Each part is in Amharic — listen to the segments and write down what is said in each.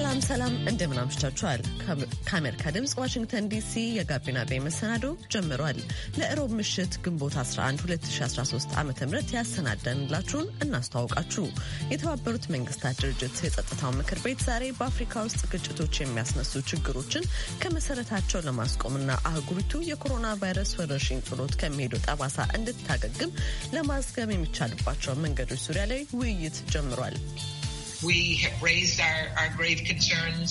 ሰላም ሰላም፣ እንደምን አምሽታችኋል። ከአሜሪካ ድምፅ ዋሽንግተን ዲሲ የጋቢና ቤ መሰናዶ ጀምሯል። ለእሮብ ምሽት ግንቦት 11 2013 ዓ ም ያሰናደንላችሁን እናስተዋውቃችሁ። የተባበሩት መንግስታት ድርጅት የጸጥታው ምክር ቤት ዛሬ በአፍሪካ ውስጥ ግጭቶች የሚያስነሱ ችግሮችን ከመሰረታቸው ለማስቆምና አህጉሪቱ የኮሮና ቫይረስ ወረርሽኝ ጥሎት ከሚሄደው ጠባሳ እንድታገግም ለማዝገም የሚቻልባቸው መንገዶች ዙሪያ ላይ ውይይት ጀምሯል። We have raised our, our grave concerns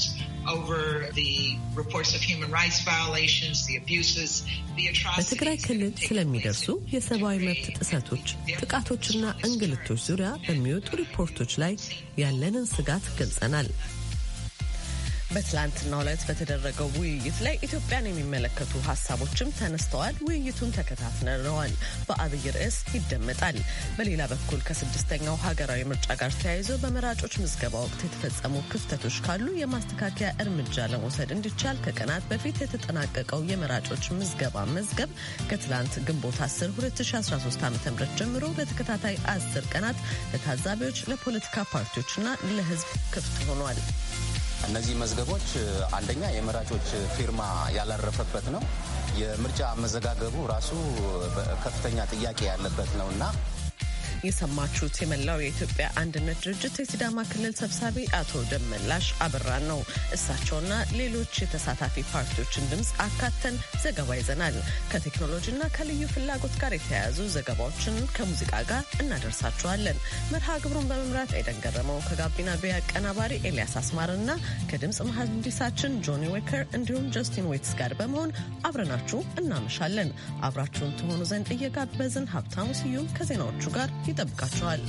በትግራይ ክልል ስለሚደርሱ የሰብአዊ መብት ጥሰቶች፣ ጥቃቶችና እንግልቶች ዙሪያ በሚወጡ ሪፖርቶች ላይ ያለንን ስጋት ገልጸናል። በትላንትናው ዕለት በተደረገው ውይይት ላይ ኢትዮጵያን የሚመለከቱ ሀሳቦችም ተነስተዋል። ውይይቱን ተከታትነረዋል። በአብይ ርዕስ ይደመጣል። በሌላ በኩል ከስድስተኛው ሀገራዊ ምርጫ ጋር ተያይዞ በመራጮች ምዝገባ ወቅት የተፈጸሙ ክፍተቶች ካሉ የማስተካከያ እርምጃ ለመውሰድ እንዲቻል ከቀናት በፊት የተጠናቀቀው የመራጮች ምዝገባ መዝገብ ከትላንት ግንቦት 10 2013 ዓ ም ጀምሮ በተከታታይ አስር ቀናት ለታዛቢዎች፣ ለፖለቲካ ፓርቲዎችና ለህዝብ ክፍት ሆኗል። እነዚህ መዝገቦች አንደኛ የመራጮች ፊርማ ያላረፈበት ነው። የምርጫ መዘጋገቡ ራሱ ከፍተኛ ጥያቄ ያለበት ነው እና የሰማችሁት የመላው የኢትዮጵያ አንድነት ድርጅት የሲዳማ ክልል ሰብሳቢ አቶ ደመላሽ አብራን ነው። እሳቸውና ሌሎች የተሳታፊ ፓርቲዎችን ድምፅ አካተን ዘገባ ይዘናል። ከቴክኖሎጂና ከልዩ ፍላጎት ጋር የተያያዙ ዘገባዎችን ከሙዚቃ ጋር እናደርሳችኋለን። መርሃ ግብሩን በመምራት ኤደን ገረመው ከጋቢና ቤ አቀናባሪ ኤልያስ አስማርና ከድምፅ መሀንዲሳችን ጆኒ ዌከር እንዲሁም ጀስቲን ዌትስ ጋር በመሆን አብረናችሁ እናመሻለን። አብራችሁን ትሆኑ ዘንድ እየጋበዝን ሀብታሙ ስዩም ከዜናዎቹ ጋር ይጠብቃቸዋል።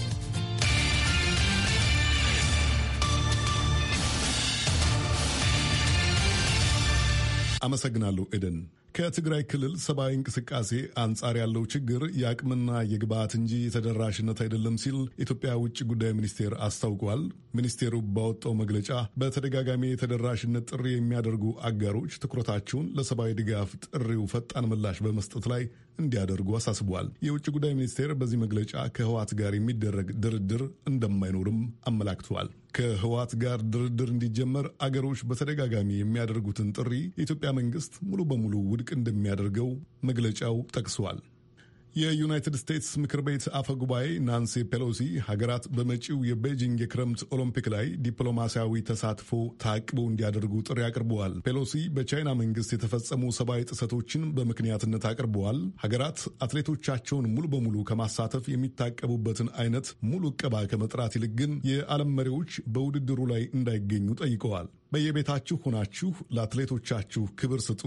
አመሰግናለሁ ኤደን። ከትግራይ ክልል ሰብአዊ እንቅስቃሴ አንጻር ያለው ችግር የአቅምና የግብዓት እንጂ የተደራሽነት አይደለም ሲል የኢትዮጵያ ውጭ ጉዳይ ሚኒስቴር አስታውቋል። ሚኒስቴሩ ባወጣው መግለጫ በተደጋጋሚ የተደራሽነት ጥሪ የሚያደርጉ አጋሮች ትኩረታቸውን ለሰብአዊ ድጋፍ ጥሪው ፈጣን ምላሽ በመስጠት ላይ እንዲያደርጉ አሳስቧል። የውጭ ጉዳይ ሚኒስቴር በዚህ መግለጫ ከህዋት ጋር የሚደረግ ድርድር እንደማይኖርም አመላክተዋል። ከህዋት ጋር ድርድር እንዲጀመር አገሮች በተደጋጋሚ የሚያደርጉትን ጥሪ የኢትዮጵያ መንግስት ሙሉ በሙሉ ውድቅ እንደሚያደርገው መግለጫው ጠቅሷል። የዩናይትድ ስቴትስ ምክር ቤት አፈ ጉባኤ ናንሲ ፔሎሲ ሀገራት በመጪው የቤጂንግ የክረምት ኦሎምፒክ ላይ ዲፕሎማሲያዊ ተሳትፎ ታቅበው እንዲያደርጉ ጥሪ አቅርበዋል። ፔሎሲ በቻይና መንግስት የተፈጸሙ ሰብአዊ ጥሰቶችን በምክንያትነት አቅርበዋል። ሀገራት አትሌቶቻቸውን ሙሉ በሙሉ ከማሳተፍ የሚታቀቡበትን አይነት ሙሉ እቀባ ከመጥራት ይልቅ ግን የዓለም መሪዎች በውድድሩ ላይ እንዳይገኙ ጠይቀዋል። በየቤታችሁ ሆናችሁ ለአትሌቶቻችሁ ክብር ስጡ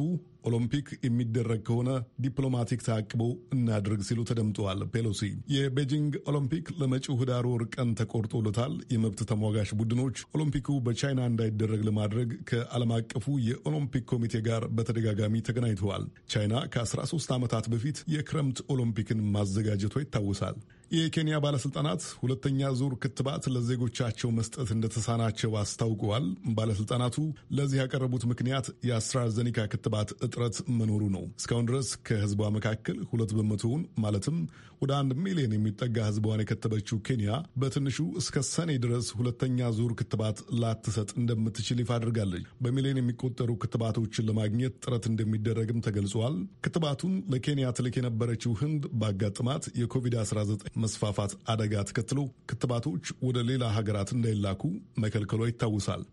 ኦሎምፒክ የሚደረግ ከሆነ ዲፕሎማቲክ ታቅቦ እናድርግ ሲሉ ተደምጠዋል ፔሎሲ። የቤጂንግ ኦሎምፒክ ለመጪው ህዳር ወር ቀን ተቆርጦለታል። የመብት ተሟጋች ቡድኖች ኦሎምፒኩ በቻይና እንዳይደረግ ለማድረግ ከዓለም አቀፉ የኦሎምፒክ ኮሚቴ ጋር በተደጋጋሚ ተገናኝተዋል። ቻይና ከ13 ዓመታት በፊት የክረምት ኦሎምፒክን ማዘጋጀቷ ይታወሳል። የኬንያ ባለስልጣናት ሁለተኛ ዙር ክትባት ለዜጎቻቸው መስጠት እንደተሳናቸው አስታውቀዋል። ባለስልጣናቱ ለዚህ ያቀረቡት ምክንያት የአስትራዘኒካ ክትባት እጥረት መኖሩ ነው። እስካሁን ድረስ ከህዝቧ መካከል ሁለት በመቶውን ማለትም ወደ አንድ ሚሊዮን የሚጠጋ ህዝቧን የከተበችው ኬንያ በትንሹ እስከ ሰኔ ድረስ ሁለተኛ ዙር ክትባት ላትሰጥ እንደምትችል ይፋ አድርጋለች። በሚሊዮን የሚቆጠሩ ክትባቶችን ለማግኘት ጥረት እንደሚደረግም ተገልጿል። ክትባቱን ለኬንያ ትልክ የነበረችው ህንድ ባጋጥማት የኮቪድ-19 መስፋፋት አደጋ ተከትሎ ክትባቶች ወደ ሌላ ሀገራት እንዳይላኩ መከልከሏ ይታወሳል።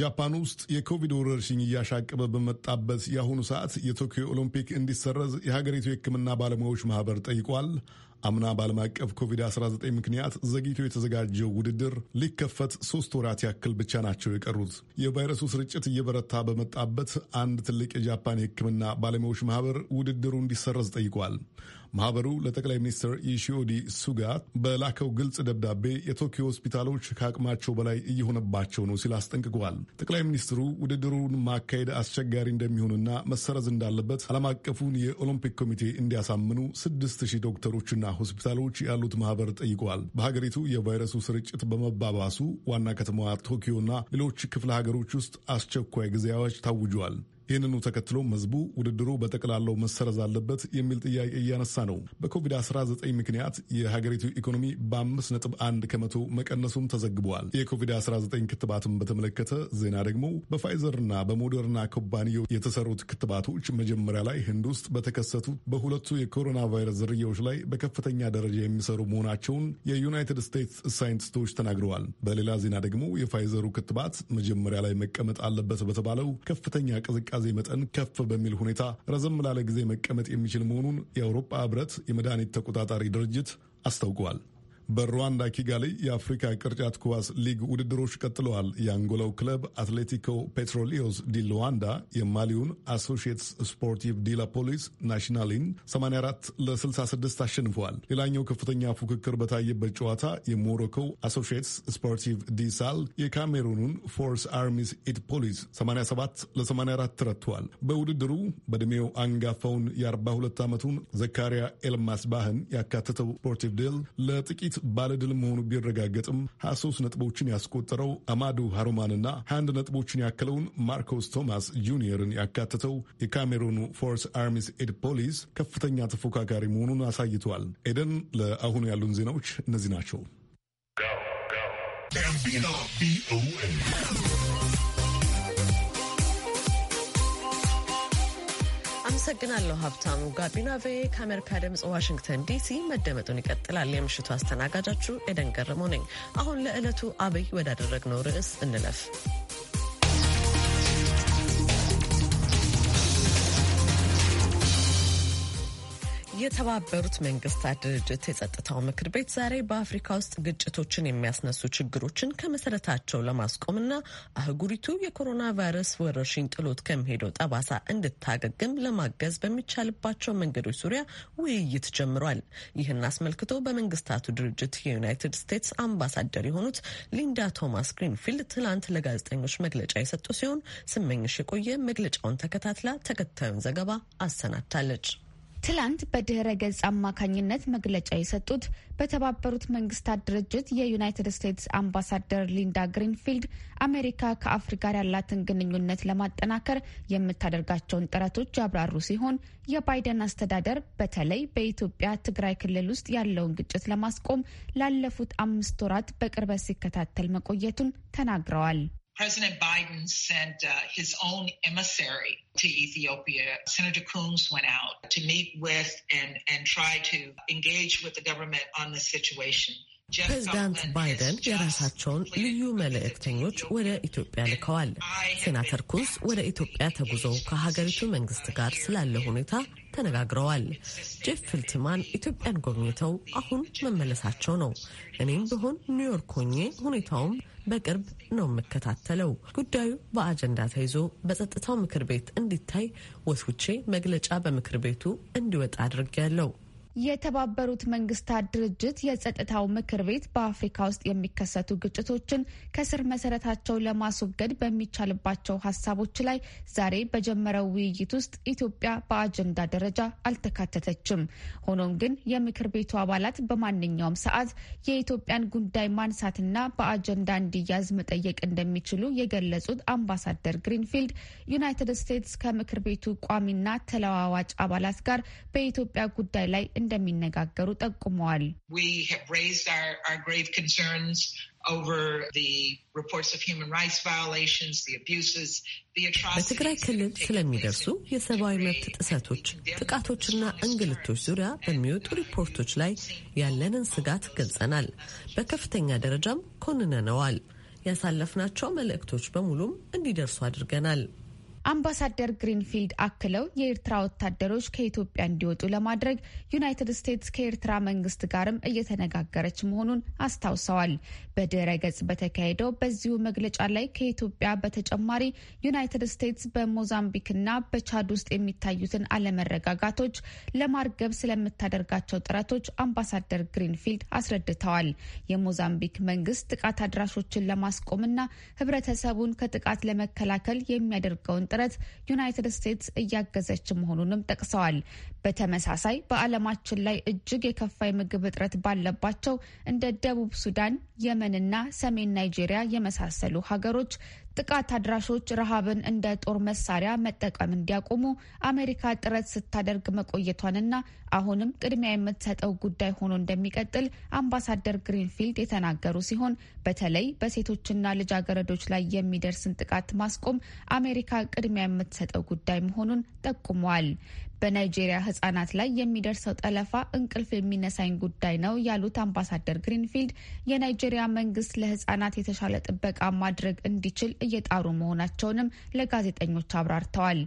ጃፓን ውስጥ የኮቪድ ወረርሽኝ እያሻቀበ በመጣበት የአሁኑ ሰዓት የቶኪዮ ኦሎምፒክ እንዲሰረዝ የሀገሪቱ የሕክምና ባለሙያዎች ማህበር ጠይቋል። አምና በዓለም አቀፍ ኮቪድ-19 ምክንያት ዘግይቶ የተዘጋጀው ውድድር ሊከፈት ሶስት ወራት ያክል ብቻ ናቸው የቀሩት። የቫይረሱ ስርጭት እየበረታ በመጣበት አንድ ትልቅ የጃፓን የሕክምና ባለሙያዎች ማህበር ውድድሩ እንዲሰረዝ ጠይቋል። ማህበሩ ለጠቅላይ ሚኒስትር ኢሺዮዲ ሱጋ በላከው ግልጽ ደብዳቤ የቶኪዮ ሆስፒታሎች ከአቅማቸው በላይ እየሆነባቸው ነው ሲል አስጠንቅቋል። ጠቅላይ ሚኒስትሩ ውድድሩን ማካሄድ አስቸጋሪ እንደሚሆንና መሰረዝ እንዳለበት ዓለም አቀፉን የኦሎምፒክ ኮሚቴ እንዲያሳምኑ ስድስት ሺህ ዶክተሮችና ሆስፒታሎች ያሉት ማህበር ጠይቋል። በሀገሪቱ የቫይረሱ ስርጭት በመባባሱ ዋና ከተማዋ ቶኪዮና ሌሎች ክፍለ ሀገሮች ውስጥ አስቸኳይ ጊዜያዎች ታውጇል። ይህንኑ ተከትሎም ህዝቡ ውድድሩ በጠቅላላው መሰረዝ አለበት የሚል ጥያቄ እያነሳ ነው። በኮቪድ-19 ምክንያት የሀገሪቱ ኢኮኖሚ በአምስት ነጥብ አንድ ከመቶ መቀነሱም ተዘግበዋል። የኮቪድ-19 ክትባትን በተመለከተ ዜና ደግሞ በፋይዘርና በሞደርና ኩባንያው የተሰሩት ክትባቶች መጀመሪያ ላይ ህንድ ውስጥ በተከሰቱ በሁለቱ የኮሮና ቫይረስ ዝርያዎች ላይ በከፍተኛ ደረጃ የሚሰሩ መሆናቸውን የዩናይትድ ስቴትስ ሳይንቲስቶች ተናግረዋል። በሌላ ዜና ደግሞ የፋይዘሩ ክትባት መጀመሪያ ላይ መቀመጥ አለበት በተባለው ከፍተኛ ቅዝቃ የቅዝቃዜ መጠን ከፍ በሚል ሁኔታ ረዘም ላለ ጊዜ መቀመጥ የሚችል መሆኑን የአውሮፓ ህብረት የመድኃኒት ተቆጣጣሪ ድርጅት አስታውቀዋል። በሩዋንዳ ኪጋሊ የአፍሪካ ቅርጫት ኳስ ሊግ ውድድሮች ቀጥለዋል። የአንጎላው ክለብ አትሌቲኮ ፔትሮሊዮስ ዲ ሉዋንዳ የማሊውን አሶሺየትስ ስፖርቲቭ ዲ ላፖሊስ ናሽናሊን 84 ለ66 አሸንፈዋል። ሌላኛው ከፍተኛ ፉክክር በታየበት ጨዋታ የሞሮኮው አሶሺየትስ ስፖርቲቭ ዲ ሳል የካሜሩኑን ፎርስ አርሚስ ኢት ፖሊስ 87 ለ84 ተረትተዋል። በውድድሩ በዕድሜው አንጋፋውን የ42 ዓመቱን ዘካሪያ ኤልማስ ባህን ያካተተው ስፖርቲቭ ድል ለጥቂት ባለድል መሆኑ ቢረጋገጥም 23 ነጥቦችን ያስቆጠረው አማዱ ሃሩማንና 21 ነጥቦችን ያከለውን ማርኮስ ቶማስ ጁኒየርን ያካተተው የካሜሩኑ ፎርስ አርሚስ ኤድ ፖሊስ ከፍተኛ ተፎካካሪ መሆኑን አሳይተዋል። ኤደን፣ ለአሁኑ ያሉን ዜናዎች እነዚህ ናቸው። አመሰግናለሁ ሀብታሙ። ጋቢና ቬ ከአሜሪካ ድምፅ ዋሽንግተን ዲሲ መደመጡን ይቀጥላል። የምሽቱ አስተናጋጃችሁ ኤደን ገረመው ነኝ። አሁን ለዕለቱ አብይ ወዳደረግነው ርዕስ እንለፍ። የተባበሩት መንግስታት ድርጅት የጸጥታው ምክር ቤት ዛሬ በአፍሪካ ውስጥ ግጭቶችን የሚያስነሱ ችግሮችን ከመሰረታቸው ለማስቆምና አህጉሪቱ የኮሮና ቫይረስ ወረርሽኝ ጥሎት ከሚሄደው ጠባሳ እንድታገግም ለማገዝ በሚቻልባቸው መንገዶች ዙሪያ ውይይት ጀምሯል። ይህን አስመልክቶ በመንግስታቱ ድርጅት የዩናይትድ ስቴትስ አምባሳደር የሆኑት ሊንዳ ቶማስ ግሪንፊልድ ትላንት ለጋዜጠኞች መግለጫ የሰጡ ሲሆን ስመኝሽ የቆየ መግለጫውን ተከታትላ ተከታዩን ዘገባ አሰናድታለች። ትላንት በድህረ ገጽ አማካኝነት መግለጫ የሰጡት በተባበሩት መንግስታት ድርጅት የዩናይትድ ስቴትስ አምባሳደር ሊንዳ ግሪንፊልድ አሜሪካ ከአፍሪካ ጋር ያላትን ግንኙነት ለማጠናከር የምታደርጋቸውን ጥረቶች ያብራሩ ሲሆን የባይደን አስተዳደር በተለይ በኢትዮጵያ ትግራይ ክልል ውስጥ ያለውን ግጭት ለማስቆም ላለፉት አምስት ወራት በቅርበት ሲከታተል መቆየቱን ተናግረዋል። President Biden sent uh, his own emissary to Ethiopia. Senator Coombs went out to meet with and, and try to engage with the government on the situation. ፕሬዚዳንት ባይደን የራሳቸውን ልዩ መልእክተኞች ወደ ኢትዮጵያ ልከዋል። ሴናተር ኩንስ ወደ ኢትዮጵያ ተጉዘው ከሀገሪቱ መንግስት ጋር ስላለ ሁኔታ ተነጋግረዋል። ጄፍ ፊልትማን ኢትዮጵያን ጎብኝተው አሁን መመለሳቸው ነው። እኔም ብሆን ኒውዮርክ ሆኜ ሁኔታውም በቅርብ ነው የምከታተለው። ጉዳዩ በአጀንዳ ተይዞ በጸጥታው ምክር ቤት እንዲታይ ወስውቼ መግለጫ በምክር ቤቱ እንዲወጣ አድርጌያለሁ። የተባበሩት መንግስታት ድርጅት የጸጥታው ምክር ቤት በአፍሪካ ውስጥ የሚከሰቱ ግጭቶችን ከስር መሰረታቸው ለማስወገድ በሚቻልባቸው ሀሳቦች ላይ ዛሬ በጀመረው ውይይት ውስጥ ኢትዮጵያ በአጀንዳ ደረጃ አልተካተተችም። ሆኖም ግን የምክር ቤቱ አባላት በማንኛውም ሰዓት የኢትዮጵያን ጉዳይ ማንሳትና በአጀንዳ እንዲያዝ መጠየቅ እንደሚችሉ የገለጹት አምባሳደር ግሪንፊልድ ዩናይትድ ስቴትስ ከምክር ቤቱ ቋሚና ተለዋዋጭ አባላት ጋር በኢትዮጵያ ጉዳይ ላይ እንደሚነጋገሩ ጠቁመዋል። በትግራይ ክልል ስለሚደርሱ የሰብአዊ መብት ጥሰቶች፣ ጥቃቶችና እንግልቶች ዙሪያ በሚወጡ ሪፖርቶች ላይ ያለንን ስጋት ገልጸናል። በከፍተኛ ደረጃም ኮንነነዋል። ያሳለፍናቸው መልእክቶች በሙሉም እንዲደርሱ አድርገናል። አምባሳደር ግሪንፊልድ አክለው የኤርትራ ወታደሮች ከኢትዮጵያ እንዲወጡ ለማድረግ ዩናይትድ ስቴትስ ከኤርትራ መንግስት ጋርም እየተነጋገረች መሆኑን አስታውሰዋል። በድረ ገጽ በተካሄደው በዚሁ መግለጫ ላይ ከኢትዮጵያ በተጨማሪ ዩናይትድ ስቴትስ በሞዛምቢክና በቻድ ውስጥ የሚታዩትን አለመረጋጋቶች ለማርገብ ስለምታደርጋቸው ጥረቶች አምባሳደር ግሪንፊልድ አስረድተዋል። የሞዛምቢክ መንግስት ጥቃት አድራሾችን ለማስቆምና ህብረተሰቡን ከጥቃት ለመከላከል የሚያደርገውን ጥረት ዩናይትድ ስቴትስ እያገዘች መሆኑንም ጠቅሰዋል። በተመሳሳይ በዓለማችን ላይ እጅግ የከፋ የምግብ እጥረት ባለባቸው እንደ ደቡብ ሱዳን፣ የመንና ሰሜን ናይጄሪያ የመሳሰሉ ሀገሮች ጥቃት አድራሾች ረሃብን እንደ ጦር መሳሪያ መጠቀም እንዲያቆሙ አሜሪካ ጥረት ስታደርግ መቆየቷንና አሁንም ቅድሚያ የምትሰጠው ጉዳይ ሆኖ እንደሚቀጥል አምባሳደር ግሪንፊልድ የተናገሩ ሲሆን በተለይ በሴቶችና ልጃገረዶች ላይ የሚደርስን ጥቃት ማስቆም አሜሪካ ቅድሚያ የምትሰጠው ጉዳይ መሆኑን ጠቁመዋል። በናይጄሪያ ህጻናት ላይ የሚደርሰው ጠለፋ እንቅልፍ የሚነሳኝ ጉዳይ ነው ያሉት አምባሳደር ግሪንፊልድ የናይጄሪያ መንግስት ለህጻናት የተሻለ ጥበቃ ማድረግ እንዲችል እየጣሩ መሆናቸውንም ለጋዜጠኞች አብራርተዋል።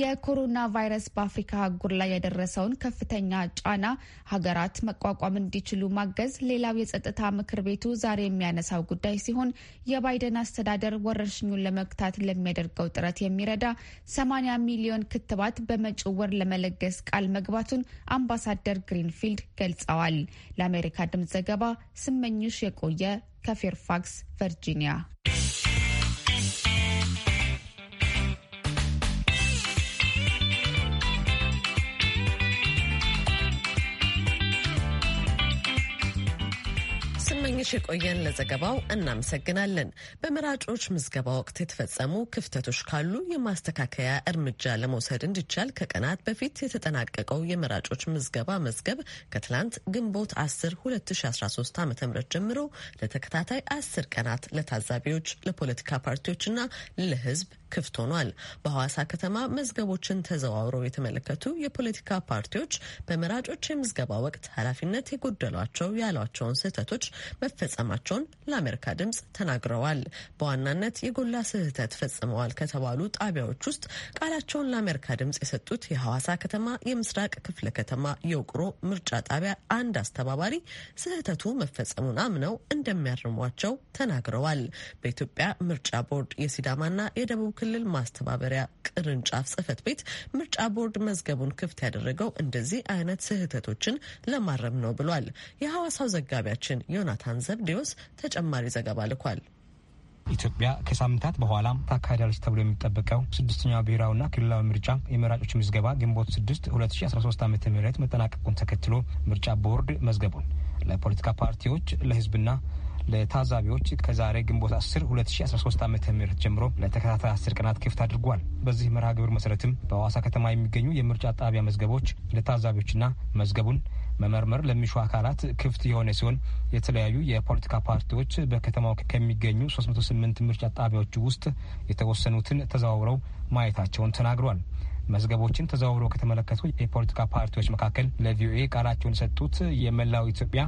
የኮሮና ቫይረስ በአፍሪካ አህጉር ላይ ያደረሰውን ከፍተኛ ጫና ሀገራት መቋቋም እንዲችሉ ማገዝ ሌላው የጸጥታ ምክር ቤቱ ዛሬ የሚያነሳው ጉዳይ ሲሆን የባይደን አስተዳደር ወረርሽኙን ለመግታት ለሚያደርገው ጥረት የሚረዳ 80 ሚሊዮን ክትባት በመጭወር ለመ ለመለገስ ቃል መግባቱን አምባሳደር ግሪንፊልድ ገልጸዋል። ለአሜሪካ ድምጽ ዘገባ ስመኝሽ የቆየ ከፌርፋክስ ቨርጂኒያ ስመኝሽ የቆየን ለዘገባው እናመሰግናለን። በመራጮች ምዝገባ ወቅት የተፈጸሙ ክፍተቶች ካሉ የማስተካከያ እርምጃ ለመውሰድ እንዲቻል ከቀናት በፊት የተጠናቀቀው የመራጮች ምዝገባ መዝገብ ከትላንት ግንቦት 10 2013 ዓ ም ጀምሮ ለተከታታይ 10 ቀናት ለታዛቢዎች፣ ለፖለቲካ ፓርቲዎችና ለህዝብ ክፍት ሆኗል። በሐዋሳ ከተማ መዝገቦችን ተዘዋውረው የተመለከቱ የፖለቲካ ፓርቲዎች በመራጮች የምዝገባ ወቅት ኃላፊነት የጎደሏቸው ያሏቸውን ስህተቶች መፈጸማቸውን ለአሜሪካ ድምጽ ተናግረዋል። በዋናነት የጎላ ስህተት ፈጽመዋል ከተባሉ ጣቢያዎች ውስጥ ቃላቸውን ለአሜሪካ ድምጽ የሰጡት የሐዋሳ ከተማ የምስራቅ ክፍለ ከተማ የውቅሮ ምርጫ ጣቢያ አንድ አስተባባሪ ስህተቱ መፈጸሙን አምነው እንደሚያርሟቸው ተናግረዋል። በኢትዮጵያ ምርጫ ቦርድ የሲዳማና የደቡብ ክልል ማስተባበሪያ ቅርንጫፍ ጽህፈት ቤት ምርጫ ቦርድ መዝገቡን ክፍት ያደረገው እንደዚህ አይነት ስህተቶችን ለማረም ነው ብሏል። የሐዋሳው ዘጋቢያችን ዮናታን ዘብዴዎስ ተጨማሪ ዘገባ ልኳል። ኢትዮጵያ ከሳምንታት በኋላ ታካሂዳለች ተብሎ የሚጠበቀው ስድስተኛው ብሔራዊና ክልላዊ ምርጫ የመራጮች ምዝገባ ግንቦት ስድስት ሁለት ሺ አስራ ሶስት ዓመተ ምህረት መጠናቀቁን ተከትሎ ምርጫ ቦርድ መዝገቡን ለፖለቲካ ፓርቲዎች ለህዝብና ለታዛቢዎች ከዛሬ ግንቦት 10 2013 ዓ ም ጀምሮ ለተከታታይ አስር ቀናት ክፍት አድርጓል። በዚህ መርሃ ግብር መሰረትም በሐዋሳ ከተማ የሚገኙ የምርጫ ጣቢያ መዝገቦች ለታዛቢዎችና መዝገቡን መመርመር ለሚሹ አካላት ክፍት የሆነ ሲሆን የተለያዩ የፖለቲካ ፓርቲዎች በከተማው ከሚገኙ 38 ምርጫ ጣቢያዎች ውስጥ የተወሰኑትን ተዘዋውረው ማየታቸውን ተናግሯል። መዝገቦችን ተዘዋውረው ከተመለከቱ የፖለቲካ ፓርቲዎች መካከል ለቪኦኤ ቃላቸውን የሰጡት የመላው ኢትዮጵያ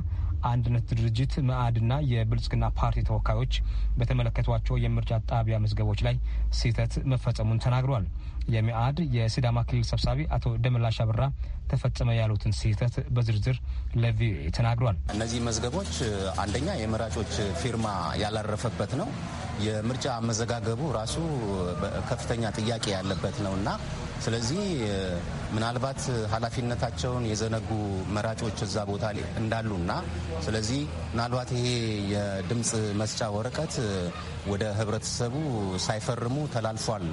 አንድነት ድርጅት መአድና የብልጽግና ፓርቲ ተወካዮች በተመለከቷቸው የምርጫ ጣቢያ መዝገቦች ላይ ስህተት መፈጸሙን ተናግሯል። የመአድ የሲዳማ ክልል ሰብሳቢ አቶ ደመላሽ አብራ ተፈጸመ ያሉትን ስህተት በዝርዝር ለቪኦኤ ተናግሯል። እነዚህ መዝገቦች አንደኛ የመራጮች ፊርማ ያላረፈበት ነው። የምርጫ መዘጋገቡ ራሱ ከፍተኛ ጥያቄ ያለበት ነው እና ስለዚህ ምናልባት ኃላፊነታቸውን የዘነጉ መራጮች እዛ ቦታ እንዳሉ ና ስለዚህ ምናልባት ይሄ የድምፅ መስጫ ወረቀት ወደ ህብረተሰቡ ሳይፈርሙ ተላልፏል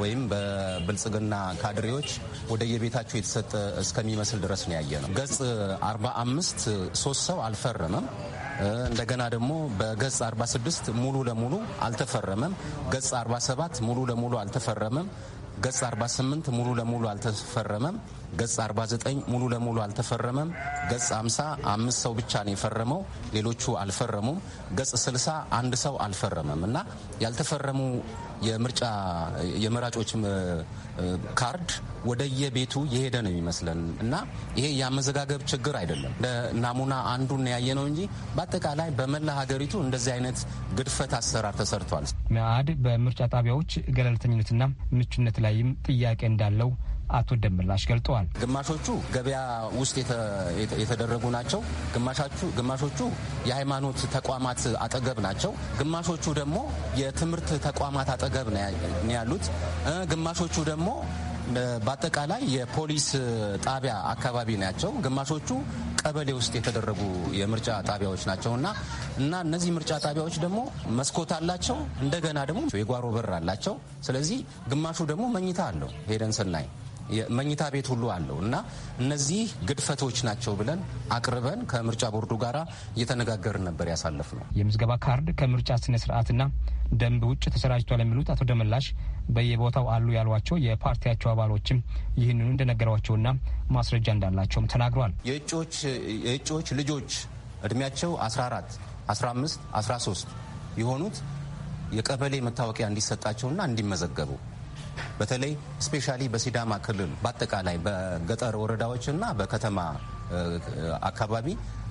ወይም በብልጽግና ካድሬዎች ወደየቤታቸው የተሰጠ እስከሚመስል ድረስ ነው ያየ ነው። ገጽ 45 ሶስት ሰው አልፈረመም። እንደገና ደግሞ በገጽ 46 ሙሉ ለሙሉ አልተፈረመም። ገጽ 47 ሙሉ ለሙሉ አልተፈረመም። ገጽ 48 ሙሉ ለሙሉ አልተፈረመም። ገጽ 49 ሙሉ ለሙሉ አልተፈረመም። ገጽ 50 አምስት ሰው ብቻ ነው የፈረመው፣ ሌሎቹ አልፈረሙም። ገጽ 60 አንድ ሰው አልፈረመም እና ያልተፈረሙ የምርጫ የመራጮች ካርድ ወደየቤቱ የሄደ ነው የሚመስለን እና ይሄ የአመዘጋገብ ችግር አይደለም። ናሙና አንዱን ያየ ነው እንጂ በአጠቃላይ በመላ ሀገሪቱ እንደዚህ አይነት ግድፈት አሰራር ተሰርቷል። መአድ በምርጫ ጣቢያዎች ገለልተኝነትና ምቹነት ላይም ጥያቄ እንዳለው አቶ ደምላሽ ገልጠዋል። ግማሾቹ ገበያ ውስጥ የተደረጉ ናቸው። ግማሾቹ የሃይማኖት ተቋማት አጠገብ ናቸው። ግማሾቹ ደግሞ የትምህርት ተቋማት አጠገብ ነው ያሉት። ግማሾቹ ደግሞ በአጠቃላይ የፖሊስ ጣቢያ አካባቢ ናቸው። ግማሾቹ ቀበሌ ውስጥ የተደረጉ የምርጫ ጣቢያዎች ናቸው እና እና እነዚህ ምርጫ ጣቢያዎች ደግሞ መስኮት አላቸው። እንደገና ደግሞ የጓሮ በር አላቸው። ስለዚህ ግማሹ ደግሞ መኝታ አለው ሄደን ስናይ መኝታ ቤት ሁሉ አለው እና እነዚህ ግድፈቶች ናቸው ብለን አቅርበን ከምርጫ ቦርዱ ጋራ እየተነጋገርን ነበር ያሳለፍ ነው። የምዝገባ ካርድ ከምርጫ ስነ ስርዓትና ደንብ ውጭ ተሰራጅቷል የሚሉት አቶ ደመላሽ በየቦታው አሉ ያሏቸው የፓርቲያቸው አባሎችም ይህንኑ እንደነገሯቸውና ማስረጃ እንዳላቸውም ተናግረዋል። የእጩዎች ልጆች እድሜያቸው 14፣ 15፣ 13 የሆኑት የቀበሌ መታወቂያ እንዲሰጣቸውና እንዲመዘገቡ በተለይ ስፔሻሊ በሲዳማ ክልል በአጠቃላይ በገጠር ወረዳዎች እና በከተማ አካባቢ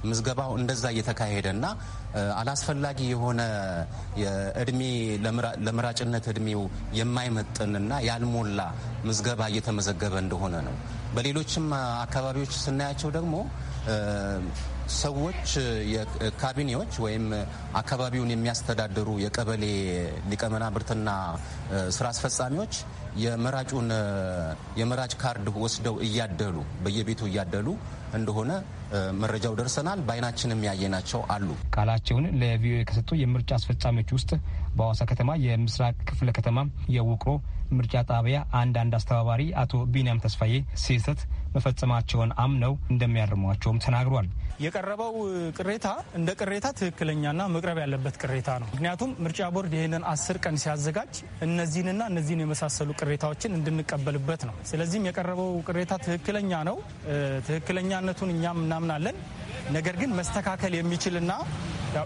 ምዝገባው እንደዛ እየተካሄደ እና አላስፈላጊ የሆነ እድሜ ለመራጭነት እድሜው የማይመጥንና ያልሞላ ምዝገባ እየተመዘገበ እንደሆነ ነው። በሌሎችም አካባቢዎች ስናያቸው ደግሞ ሰዎች ካቢኔዎች ወይም አካባቢውን የሚያስተዳድሩ የቀበሌ ሊቀመናብርትና ስራ አስፈጻሚዎች የመራጩን የመራጭ ካርድ ወስደው እያደሉ በየቤቱ እያደሉ እንደሆነ መረጃው ደርሰናል። በአይናችንም ያየናቸው አሉ። ቃላቸውን ለቪኦኤ ከሰጡ የምርጫ አስፈጻሚዎች ውስጥ በአዋሳ ከተማ የምስራቅ ክፍለ ከተማ የውቅሮ ምርጫ ጣቢያ አንዳንድ አስተባባሪ አቶ ቢንያም ተስፋዬ ስህተት መፈጸማቸውን አምነው እንደሚያርሟቸውም ተናግሯል። የቀረበው ቅሬታ እንደ ቅሬታ ትክክለኛና መቅረብ ያለበት ቅሬታ ነው። ምክንያቱም ምርጫ ቦርድ ይህንን አስር ቀን ሲያዘጋጅ እነዚህንና እነዚህን የመሳሰሉ ቅሬታዎችን እንድንቀበልበት ነው። ስለዚህም የቀረበው ቅሬታ ትክክለኛ ነው። ትክክለኛነቱን እኛም እናምናለን። ነገር ግን መስተካከል የሚችልና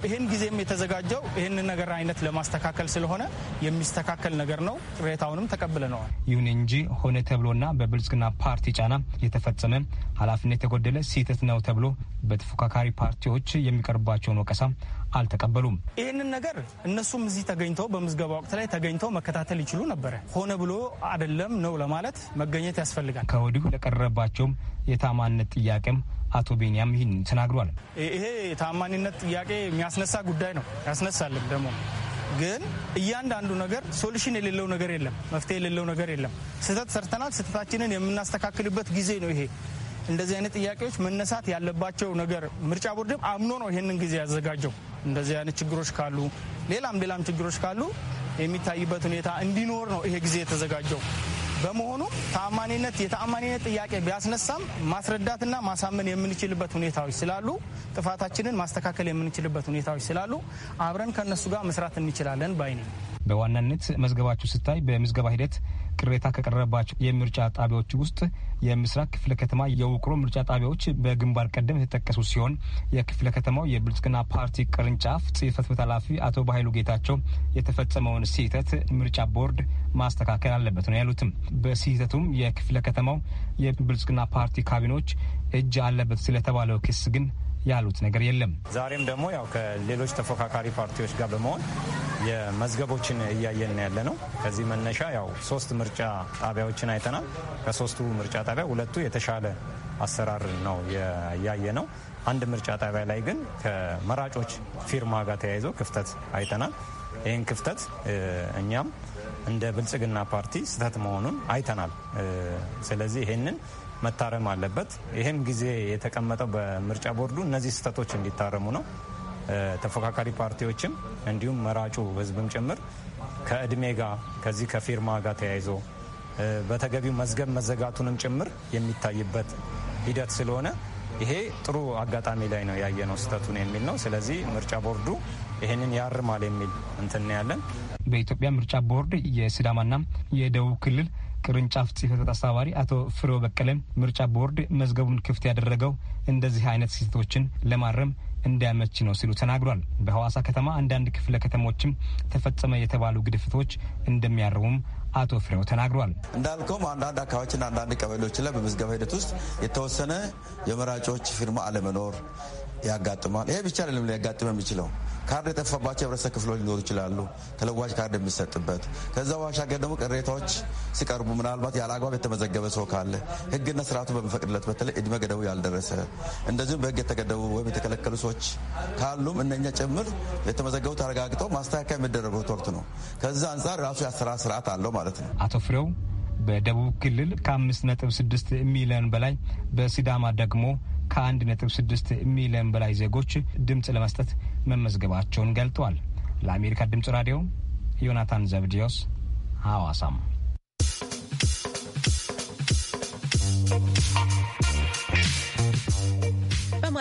ይህን ጊዜም የተዘጋጀው ይህንን ነገር አይነት ለማስተካከል ስለሆነ የሚስተካከል ነገር ነው። ቅሬታውንም ተቀብለነዋል። ይሁን እንጂ ሆነ ተብሎና በብልጽግና ፓርቲ ጫና የተፈጸመ ኃላፊነት የተጎደለ ስህተት ነው ተብሎ በተፎካካሪ ፓርቲዎች የሚቀርባቸውን ወቀሳ አልተቀበሉም። ይህንን ነገር እነሱም እዚህ ተገኝተው በምዝገባ ወቅት ላይ ተገኝተው መከታተል ይችሉ ነበረ። ሆነ ብሎ አይደለም ነው ለማለት መገኘት ያስፈልጋል። ከወዲሁ ለቀረባቸውም የታማነት ጥያቄም አቶ ቤንያም ይህን ተናግሯል። ይሄ የታማኒነት ጥያቄ የሚያስነሳ ጉዳይ ነው፣ ያስነሳልም ደግሞ ግን እያንዳንዱ ነገር ሶሉሽን የሌለው ነገር የለም፣ መፍትሄ የሌለው ነገር የለም። ስህተት ሰርተናል፣ ስህተታችንን የምናስተካክልበት ጊዜ ነው ይሄ። እንደዚህ አይነት ጥያቄዎች መነሳት ያለባቸው ነገር ምርጫ ቦርድም አምኖ ነው ይህንን ጊዜ ያዘጋጀው። እንደዚህ አይነት ችግሮች ካሉ ሌላም ሌላም ችግሮች ካሉ የሚታይበት ሁኔታ እንዲኖር ነው ይሄ ጊዜ የተዘጋጀው። በመሆኑ ተአማኒነት የተአማኒነት ጥያቄ ቢያስነሳም ማስረዳትና ማሳመን የምንችልበት ሁኔታዎች ስላሉ ጥፋታችንን ማስተካከል የምንችልበት ሁኔታዎች ስላሉ አብረን ከነሱ ጋር መስራት እንችላለን ባይ ነኝ። በዋናነት መዝገባችሁ ስታይ በምዝገባ ሂደት ቅሬታ ከቀረበባቸው የምርጫ ጣቢያዎች ውስጥ የምስራቅ ክፍለ ከተማ የውቅሮ ምርጫ ጣቢያዎች በግንባር ቀደም የተጠቀሱ ሲሆን የክፍለ ከተማው የብልጽግና ፓርቲ ቅርንጫፍ ጽህፈት ቤት ኃላፊ አቶ ባይሉ ጌታቸው የተፈጸመውን ስህተት ምርጫ ቦርድ ማስተካከል አለበት ነው ያሉትም። በስህተቱም የክፍለ ከተማው የብልጽግና ፓርቲ ካቢኖች እጅ አለበት ስለተባለው ክስ ግን ያሉት ነገር የለም። ዛሬም ደግሞ ያው ከሌሎች ተፎካካሪ ፓርቲዎች ጋር በመሆን የመዝገቦችን እያየን ያለ ነው። ከዚህ መነሻ ያው ሶስት ምርጫ ጣቢያዎችን አይተናል። ከሶስቱ ምርጫ ጣቢያ ሁለቱ የተሻለ አሰራር ነው እያየ ነው። አንድ ምርጫ ጣቢያ ላይ ግን ከመራጮች ፊርማ ጋር ተያይዞ ክፍተት አይተናል። ይህን ክፍተት እኛም እንደ ብልጽግና ፓርቲ ስህተት መሆኑን አይተናል። ስለዚህ ይህንን መታረም አለበት። ይህም ጊዜ የተቀመጠው በምርጫ ቦርዱ እነዚህ ስህተቶች እንዲታረሙ ነው። ተፎካካሪ ፓርቲዎችም እንዲሁም መራጩ ህዝብም ጭምር ከእድሜ ጋር ከዚህ ከፊርማ ጋር ተያይዞ በተገቢው መዝገብ መዘጋቱንም ጭምር የሚታይበት ሂደት ስለሆነ ይሄ ጥሩ አጋጣሚ ላይ ነው ያየነው ስህተቱን የሚል ነው። ስለዚህ ምርጫ ቦርዱ ይህንን ያርማል የሚል እንትን ያለን በኢትዮጵያ ምርጫ ቦርድ የስዳማና የደቡብ ክልል ቅርንጫፍ ጽህፈት አስተባባሪ አቶ ፍሬው በቀለም ምርጫ ቦርድ መዝገቡን ክፍት ያደረገው እንደዚህ አይነት ስህተቶችን ለማረም እንዲያመች ነው ሲሉ ተናግሯል። በሐዋሳ ከተማ አንዳንድ ክፍለ ከተሞችም ተፈጸመ የተባሉ ግድፍቶች እንደሚያርሙም አቶ ፍሬው ተናግሯል። እንዳልከውም አንዳንድ አካባቢዎችና አንዳንድ ቀበሌዎች ላይ በምዝገባ ሂደት ውስጥ የተወሰነ የመራጮች ፊርማ አለመኖር ያጋጥማል። ይሄ ብቻ አይደለም ሊያጋጥም የሚችለው ካርድ የጠፋባቸው የህብረተሰብ ክፍሎች ሊኖሩ ይችላሉ። ተለዋጭ ካርድ የሚሰጥበት ከዛ ባሻገር ደግሞ ቅሬታዎች ሲቀርቡ ምናልባት ያለ አግባብ የተመዘገበ ሰው ካለ ህግና ስርዓቱ በሚፈቅድለት በተለይ እድሜ ገደቡ ያልደረሰ እንደዚሁም በህግ የተገደቡ ወይም የተከለከሉ ሰዎች ካሉም እነኛ ጭምር የተመዘገቡ ተረጋግጠው ማስተካከያ የሚደረጉት ወቅት ነው። ከዛ አንጻር ራሱ የአሰራር ስርዓት አለው ማለት ነው። አቶ ፍሬው በደቡብ ክልል ከአምስት ነጥብ ስድስት ሚሊዮን በላይ በሲዳማ ደግሞ ነጥብ ስድስት ሚሊዮን በላይ ዜጎች ድምፅ ለመስጠት መመዝገባቸውን ገልጠዋል። ለአሜሪካ ድምፅ ራዲዮ ዮናታን ዘብዲዮስ ሐዋሳም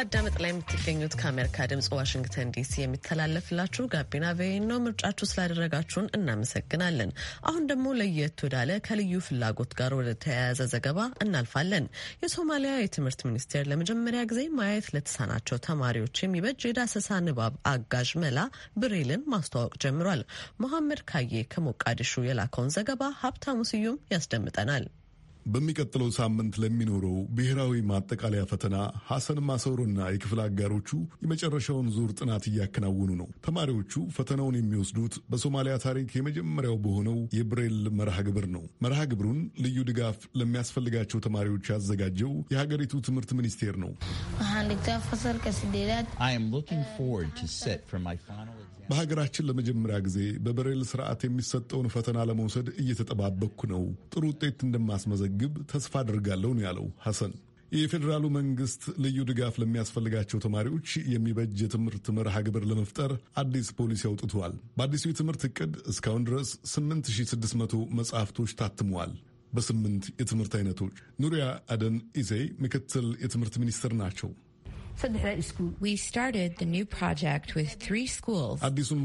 በማዳመጥ ላይ የምትገኙት ከአሜሪካ ድምጽ ዋሽንግተን ዲሲ የሚተላለፍላችሁ ጋቢና ቬይን ነው። ምርጫችሁ ስላደረጋችሁን እናመሰግናለን። አሁን ደግሞ ለየት ወዳለ ከልዩ ፍላጎት ጋር ወደ ተያያዘ ዘገባ እናልፋለን። የሶማሊያ የትምህርት ሚኒስቴር ለመጀመሪያ ጊዜ ማየት ለተሳናቸው ተማሪዎች የሚበጅ የዳሰሳ ንባብ አጋዥ መላ ብሬልን ማስተዋወቅ ጀምሯል። መሐመድ ካዬ ከሞቃዲሹ የላከውን ዘገባ ሀብታሙ ስዩም ያስደምጠናል። በሚቀጥለው ሳምንት ለሚኖረው ብሔራዊ ማጠቃለያ ፈተና ሐሰን ማሰሮና የክፍል አጋሮቹ የመጨረሻውን ዙር ጥናት እያከናወኑ ነው። ተማሪዎቹ ፈተናውን የሚወስዱት በሶማሊያ ታሪክ የመጀመሪያው በሆነው የብሬል መርሃ ግብር ነው። መርሃ ግብሩን ልዩ ድጋፍ ለሚያስፈልጋቸው ተማሪዎች ያዘጋጀው የሀገሪቱ ትምህርት ሚኒስቴር ነው። በሀገራችን ለመጀመሪያ ጊዜ በብሬል ስርዓት የሚሰጠውን ፈተና ለመውሰድ እየተጠባበቅኩ ነው። ጥሩ ውጤት እንደማስመዘግብ ተስፋ አድርጋለሁ ነው ያለው ሐሰን። የፌዴራሉ መንግስት ልዩ ድጋፍ ለሚያስፈልጋቸው ተማሪዎች የሚበጅ የትምህርት መርሃ ግብር ለመፍጠር አዲስ ፖሊሲ አውጥተዋል። በአዲሱ የትምህርት እቅድ እስካሁን ድረስ 8600 መጽሐፍቶች ታትመዋል በስምንት የትምህርት አይነቶች። ኑሪያ አደን ኢሴይ ምክትል የትምህርት ሚኒስትር ናቸው። አዲሱን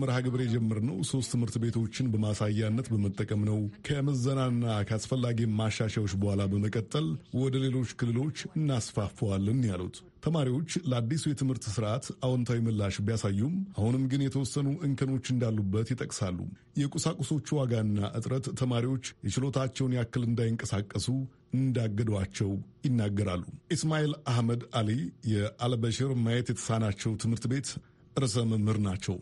መርሃ ግብር የጀመርነው ሶስት ትምህርት ቤቶችን በማሳያነት በመጠቀም ነው። ከምዘናና ከአስፈላጊ ማሻሻዎች በኋላ በመቀጠል ወደ ሌሎች ክልሎች እናስፋፈዋለን ያሉት ተማሪዎች ለአዲሱ የትምህርት ስርዓት አዎንታዊ ምላሽ ቢያሳዩም አሁንም ግን የተወሰኑ እንከኖች እንዳሉበት ይጠቅሳሉ። የቁሳቁሶቹ ዋጋና እጥረት ተማሪዎች የችሎታቸውን ያክል እንዳይንቀሳቀሱ እንዳገዷቸው ይናገራሉ። ኢስማኤል አህመድ አሊ የአልበሽር ማየት የተሳናቸው ትምህርት ቤት ርዕሰ መምህር ናቸው።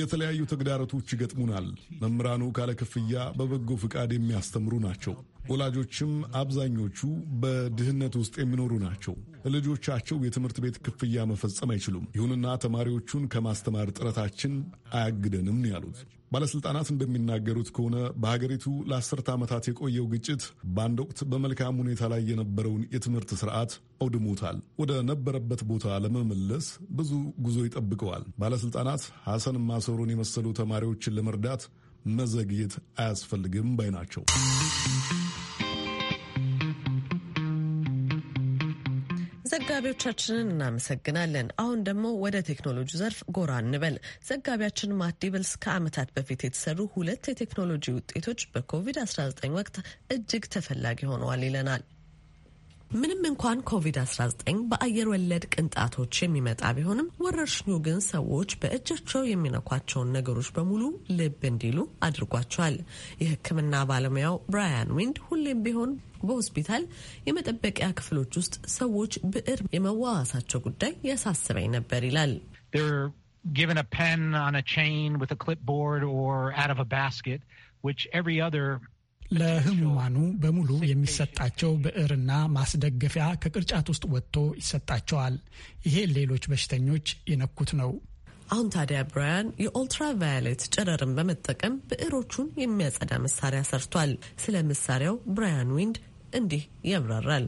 የተለያዩ ተግዳሮቶች ይገጥሙናል። መምህራኑ ካለ ክፍያ በበጎ ፍቃድ የሚያስተምሩ ናቸው። ወላጆችም አብዛኞቹ በድህነት ውስጥ የሚኖሩ ናቸው። ለልጆቻቸው የትምህርት ቤት ክፍያ መፈጸም አይችሉም። ይሁንና ተማሪዎቹን ከማስተማር ጥረታችን አያግደንም ነው ያሉት። ባለሥልጣናት እንደሚናገሩት ከሆነ በሀገሪቱ ለአስርተ ዓመታት የቆየው ግጭት በአንድ ወቅት በመልካም ሁኔታ ላይ የነበረውን የትምህርት ስርዓት አውድሞታል። ወደ ነበረበት ቦታ ለመመለስ ብዙ ጉዞ ይጠብቀዋል። ባለሥልጣናት ሐሰን ማሰሮን የመሰሉ ተማሪዎችን ለመርዳት መዘግየት አያስፈልግም ባይ ናቸው። ዘጋቢዎቻችንን እናመሰግናለን። አሁን ደግሞ ወደ ቴክኖሎጂ ዘርፍ ጎራ እንበል። ዘጋቢያችን ማት ከዓመታት በፊት የተሰሩ ሁለት የቴክኖሎጂ ውጤቶች በኮቪድ-19 ወቅት እጅግ ተፈላጊ ሆነዋል ይለናል። ምንም እንኳን ኮቪድ-19 በአየር ወለድ ቅንጣቶች የሚመጣ ቢሆንም ወረርሽኙ ግን ሰዎች በእጃቸው የሚነኳቸውን ነገሮች በሙሉ ልብ እንዲሉ አድርጓቸዋል። የሕክምና ባለሙያው ብራያን ዊንድ ሁሌም ቢሆን በሆስፒታል የመጠበቂያ ክፍሎች ውስጥ ሰዎች ብዕር የመዋዋሳቸው ጉዳይ ያሳስበኝ ነበር ይላል። given a pen on a chain with a clipboard or out of a basket, which every other ለህሙማኑ በሙሉ የሚሰጣቸው ብዕርና ማስደገፊያ ከቅርጫት ውስጥ ወጥቶ ይሰጣቸዋል። ይሄ ሌሎች በሽተኞች የነኩት ነው። አሁን ታዲያ ብራያን ቫዮሌት ጨረርን በመጠቀም ብዕሮቹን የሚያጸዳ መሳሪያ ሰርቷል። ስለ መሳሪያው ብራያን ዊንድ እንዲህ ያብራራል።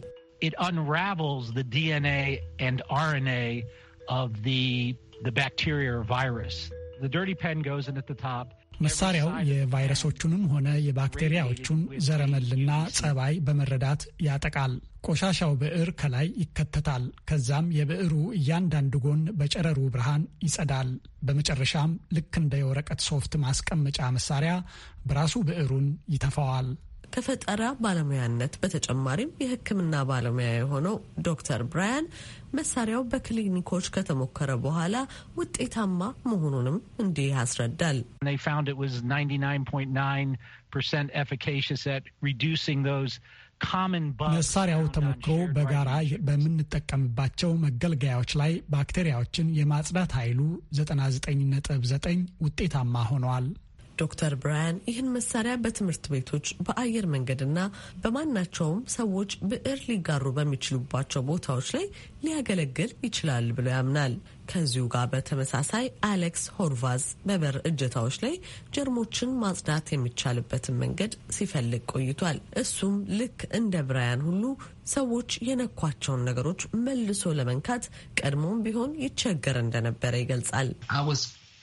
It unravels the DNA and RNA of the the bacteria or virus. The dirty pen goes in at the top. መሳሪያው የቫይረሶቹንም ሆነ የባክቴሪያዎቹን ዘረመልና ጸባይ በመረዳት ያጠቃል። ቆሻሻው ብዕር ከላይ ይከተታል። ከዛም የብዕሩ እያንዳንዱ ጎን በጨረሩ ብርሃን ይጸዳል። በመጨረሻም ልክ እንደ የወረቀት ሶፍት ማስቀመጫ መሳሪያ በራሱ ብዕሩን ይተፋዋል። ከፈጠራ ባለሙያነት በተጨማሪም የሕክምና ባለሙያ የሆነው ዶክተር ብራያን መሳሪያው በክሊኒኮች ከተሞከረ በኋላ ውጤታማ መሆኑንም እንዲህ ያስረዳል። መሳሪያው ተሞክሮ በጋራ በምንጠቀምባቸው መገልገያዎች ላይ ባክቴሪያዎችን የማጽዳት ኃይሉ 99.9 ውጤታማ ሆነዋል። ዶክተር ብራያን ይህን መሳሪያ በትምህርት ቤቶች በአየር መንገድና በማናቸውም ሰዎች ብዕር ሊጋሩ በሚችሉባቸው ቦታዎች ላይ ሊያገለግል ይችላል ብሎ ያምናል። ከዚሁ ጋር በተመሳሳይ አሌክስ ሆርቫዝ በበር እጀታዎች ላይ ጀርሞችን ማጽዳት የሚቻልበትን መንገድ ሲፈልግ ቆይቷል። እሱም ልክ እንደ ብራያን ሁሉ ሰዎች የነኳቸውን ነገሮች መልሶ ለመንካት ቀድሞም ቢሆን ይቸገር እንደነበረ ይገልጻል።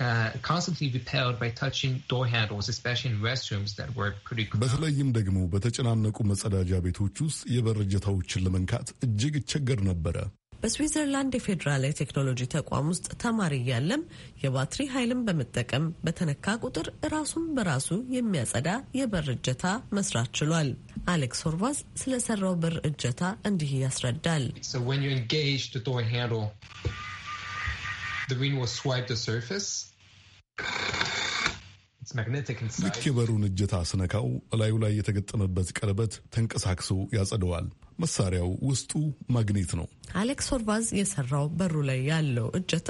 Uh, constantly repelled by touching door handles, especially in restrooms that were pretty በተለይም ደግሞ በተጨናነቁ መጸዳጃ ቤቶች ውስጥ የበር እጀታዎችን ለመንካት እጅግ ይቸገር ነበረ። በስዊዘርላንድ የፌዴራል የቴክኖሎጂ ተቋም ውስጥ ተማሪ እያለም የባትሪ ኃይልን በመጠቀም በተነካ ቁጥር ራሱን በራሱ የሚያጸዳ የበር እጀታ መስራት ችሏል። አሌክስ ሆርቫዝ ስለሰራው በር እጀታ እንዲህ ያስረዳል። ሪንግ ልክ የበሩን እጀታ ስነካው እላዩ ላይ የተገጠመበት ቀለበት ተንቀሳቅሶ ያጸደዋል። መሳሪያው ውስጡ ማግኔት ነው። አሌክስ ሆርቫዝ የሰራው በሩ ላይ ያለው እጀታ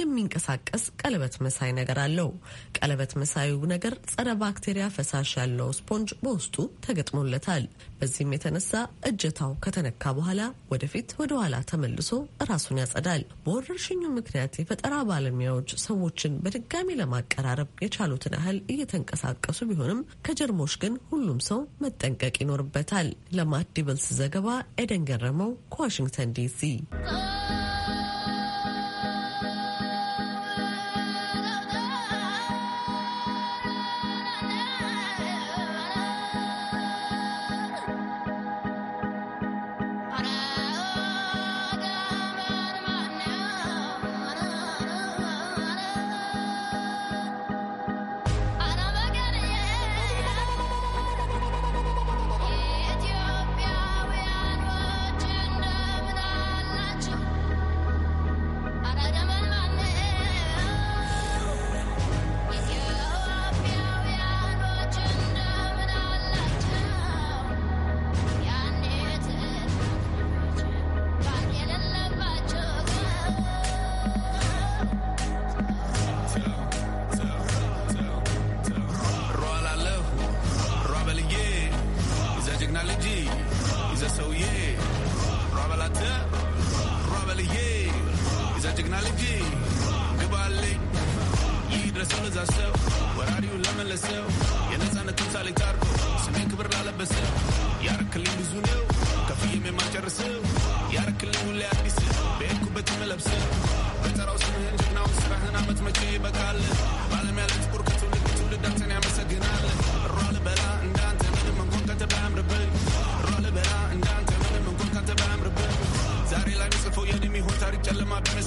የሚንቀሳቀስ ቀለበት መሳይ ነገር አለው። ቀለበት መሳዩ ነገር ጸረ ባክቴሪያ ፈሳሽ ያለው ስፖንጅ በውስጡ ተገጥሞለታል። በዚህም የተነሳ እጀታው ከተነካ በኋላ ወደፊት ወደኋላ ተመልሶ ራሱን ያጸዳል። በወረርሽኙ ምክንያት የፈጠራ ባለሙያዎች ሰዎችን በድጋሚ ለማቀራረብ የቻሉትን ያህል እየተንቀሳቀሱ ቢሆንም ከጀርሞች ግን ሁሉም ሰው መጠንቀቅ ይኖርበታል። ለማዲበልስ ዘገባ ዘገባ ኤደን ገረመው ከዋሽንግተን ዲሲ Hey, if I lick, eat as soon as I sell. Where are you, lemon, let's sell? Yeah, let's on the two solid target. So make a brala basil. Yara Kalim is new. Coffee, me, my carousel. Yara Kalim, let me see. Bake, but you will upset. But I also know now, Sahana, but my cave, but I'll live. Balamel, it's Burka to the two, the doctor, and I'm a second. Roll a bella and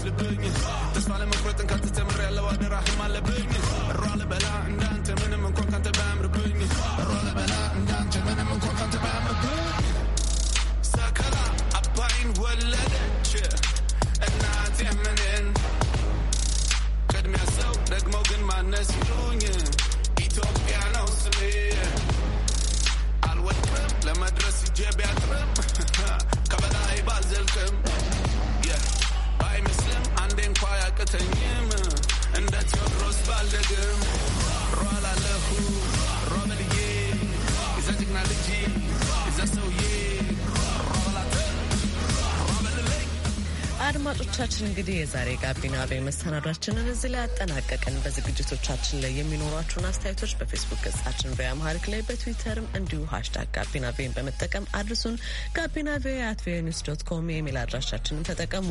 አለብኝ ተስፋ ለመቁረጥን ካንተ ተምር ያለው አደራህም አለብኝ እሯ ለበላ እንዳንተ ምንም እንኳን ካንተ ባያምርብኝ እሯ ለበላ እንዳንተ ምንም እንኳን ካንተ ባያምርብኝ ሰከላ አባይን ወለደች እናት ምንን ቅድሚያ ሰው ደግሞ ግን ማነስ ይሉኝ ኢትዮጵያ ነው ስሜ አልወድቅም ለመድረስ እጄ ቢያጥርም ከበላይ ባልዘልቅም አያቅተኝም እንደ ቴዎድሮስ ባልደግም ሯላለሁ ሮበልዬ ይዘጅግና ልጅ አድማጮቻችን እንግዲህ የዛሬ ጋቢና ቤ መሰናዷችንን እዚህ ላይ አጠናቀቅን። በዝግጅቶቻችን ላይ የሚኖሯችሁን አስተያየቶች በፌስቡክ ገጻችን በያማሪክ ላይ በትዊተርም እንዲሁ ሀሽታግ ጋቢና ቤን በመጠቀም አድርሱን። ጋቢና ቪ አት ቪኦኤ ኒውስ ዶት ኮም የኢሜል አድራሻችንን ተጠቀሙ።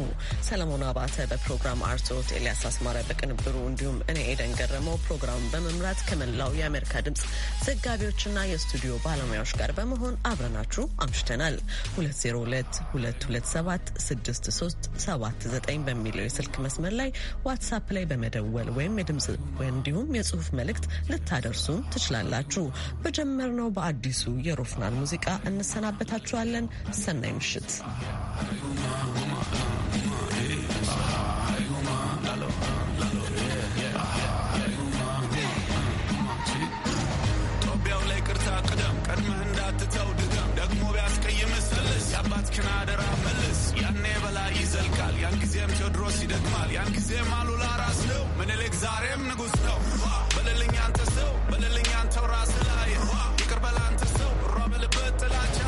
ሰለሞን አባተ በፕሮግራም አርቶት፣ ኤልያስ አስማራ በቅንብሩ እንዲሁም እኔ ኤደን ገረመው ፕሮግራሙን በመምራት ከመላው የአሜሪካ ድምፅ ዘጋቢዎችና የስቱዲዮ ባለሙያዎች ጋር በመሆን አብረናችሁ አምሽተናል 202227 63 79 በሚለው የስልክ መስመር ላይ ዋትሳፕ ላይ በመደወል ወይም የድምጽ እንዲሁም የጽሁፍ መልእክት ልታደርሱ ትችላላችሁ። በጀመርነው በአዲሱ የሮፍናል ሙዚቃ እንሰናበታችኋለን። ሰናይ ምሽት። ቅርታ ቅደም ቀድመህ እንዳትተው ድገም ደግሞ ቢያስቀይ ምስል የአባትህን አደራ መለስ ያን ጊዜም ቴዎድሮስ ይደግማል። ያን ጊዜም አሉላ ራስ ነው። ምኒልክ ዛሬም ንጉሥ ነው። በልልኝ አንተ ሰው በልልኝ አንተው ራስ ላይ ይቅር በል አንተ ሰው ሮበልበት ጥላቻ